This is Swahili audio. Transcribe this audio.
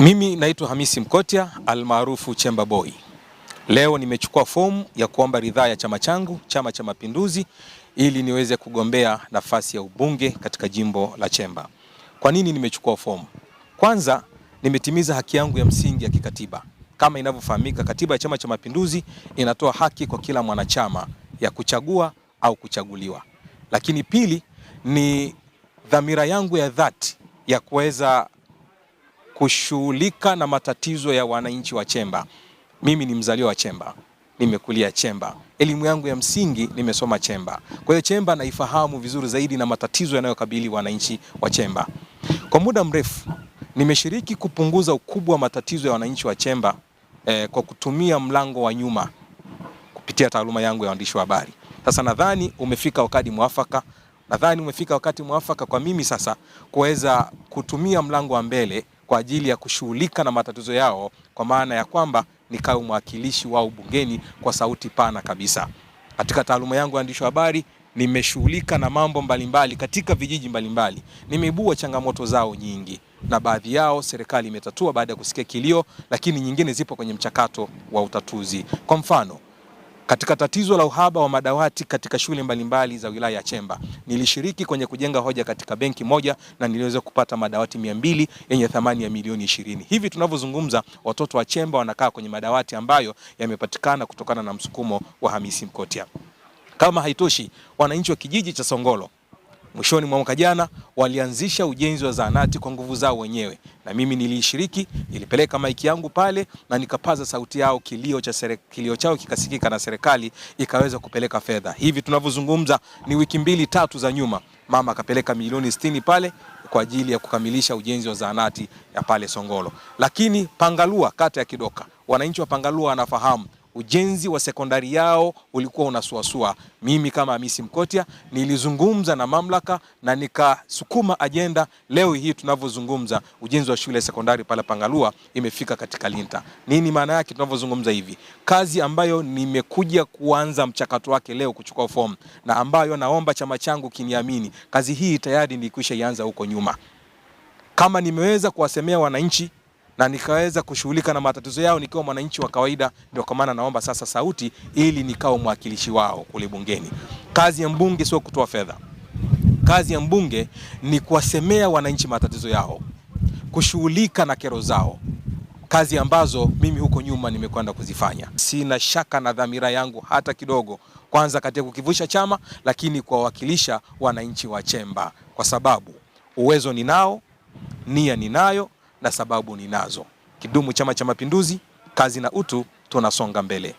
Mimi naitwa Hamisi Mkotya almaarufu Chemba Boy. Leo nimechukua fomu ya kuomba ridhaa ya chama changu, Chama cha Mapinduzi, ili niweze kugombea nafasi ya ubunge katika jimbo la Chemba. Kwa nini nimechukua fomu? Kwanza, nimetimiza haki yangu ya msingi ya kikatiba. Kama inavyofahamika, katiba ya Chama cha Mapinduzi inatoa haki kwa kila mwanachama ya kuchagua au kuchaguliwa. Lakini pili, ni dhamira yangu ya dhati ya kuweza kushughulika na matatizo ya wananchi wa Chemba. Mimi ni mzaliwa wa Chemba, nimekulia Chemba, elimu yangu ya msingi nimesoma Chemba. Kwa hiyo Chemba naifahamu vizuri zaidi na matatizo yanayokabili wananchi wa Chemba. Kwa muda mrefu nimeshiriki kupunguza ukubwa wa matatizo ya wananchi wa Chemba eh, kwa kutumia mlango wa nyuma kupitia taaluma yangu ya uandishi wa habari. Sasa nadhani umefika wakati mwafaka, nadhani umefika wakati mwafaka kwa mimi sasa kuweza kutumia mlango wa mbele kwa ajili ya kushughulika na matatizo yao, kwa maana ya kwamba nikawe mwakilishi wao bungeni kwa sauti pana kabisa. Katika taaluma yangu ya waandishi wa habari nimeshughulika na mambo mbalimbali katika vijiji mbalimbali, nimeibua changamoto zao nyingi, na baadhi yao serikali imetatua baada ya kusikia kilio, lakini nyingine zipo kwenye mchakato wa utatuzi. Kwa mfano katika tatizo la uhaba wa madawati katika shule mbalimbali za wilaya ya Chemba, nilishiriki kwenye kujenga hoja katika benki moja na niliweza kupata madawati mia mbili yenye thamani ya milioni ishirini. Hivi tunavyozungumza, watoto wa Chemba wanakaa kwenye madawati ambayo yamepatikana kutokana na msukumo wa Hamisi Mkotia. Kama haitoshi, wananchi wa kijiji cha Songolo Mwishoni mwa mwaka jana walianzisha ujenzi wa zahanati kwa nguvu zao wenyewe, na mimi nilishiriki, nilipeleka maiki yangu pale na nikapaza sauti yao, kilio cha sere, kilio chao kikasikika na serikali ikaweza kupeleka fedha. Hivi tunavyozungumza ni wiki mbili tatu za nyuma, mama akapeleka milioni 60 pale kwa ajili ya kukamilisha ujenzi wa zahanati ya pale Songolo. Lakini Pangalua, kata ya Kidoka, wananchi wa Pangalua wanafahamu ujenzi wa sekondari yao ulikuwa unasuasua. Mimi kama Hamisi Mkotia nilizungumza na mamlaka na nikasukuma ajenda. Leo hii tunavyozungumza, ujenzi wa shule ya sekondari pale Pangalua imefika katika Linta. Nini maana yake? Tunavyozungumza hivi, kazi ambayo nimekuja kuanza mchakato wake leo kuchukua fomu na ambayo naomba chama changu kiniamini, kazi hii tayari nilikwisha ianza huko nyuma. Kama nimeweza kuwasemea wananchi na nikaweza kushughulika na matatizo yao nikiwa mwananchi wa kawaida. Ndio kwa maana naomba sasa sauti ili nikawa mwakilishi wao kule bungeni. Kazi ya mbunge sio kutoa fedha, kazi ya mbunge ni kuwasemea wananchi matatizo yao, kushughulika na kero zao, kazi ambazo mimi huko nyuma nimekwenda kuzifanya. Sina shaka na dhamira yangu hata kidogo, kwanza katika kukivusha chama, lakini kuwawakilisha wananchi wa Chemba, kwa sababu uwezo ninao, nia ninayo na sababu ninazo. Kidumu Chama cha Mapinduzi! Kazi na utu, tunasonga mbele.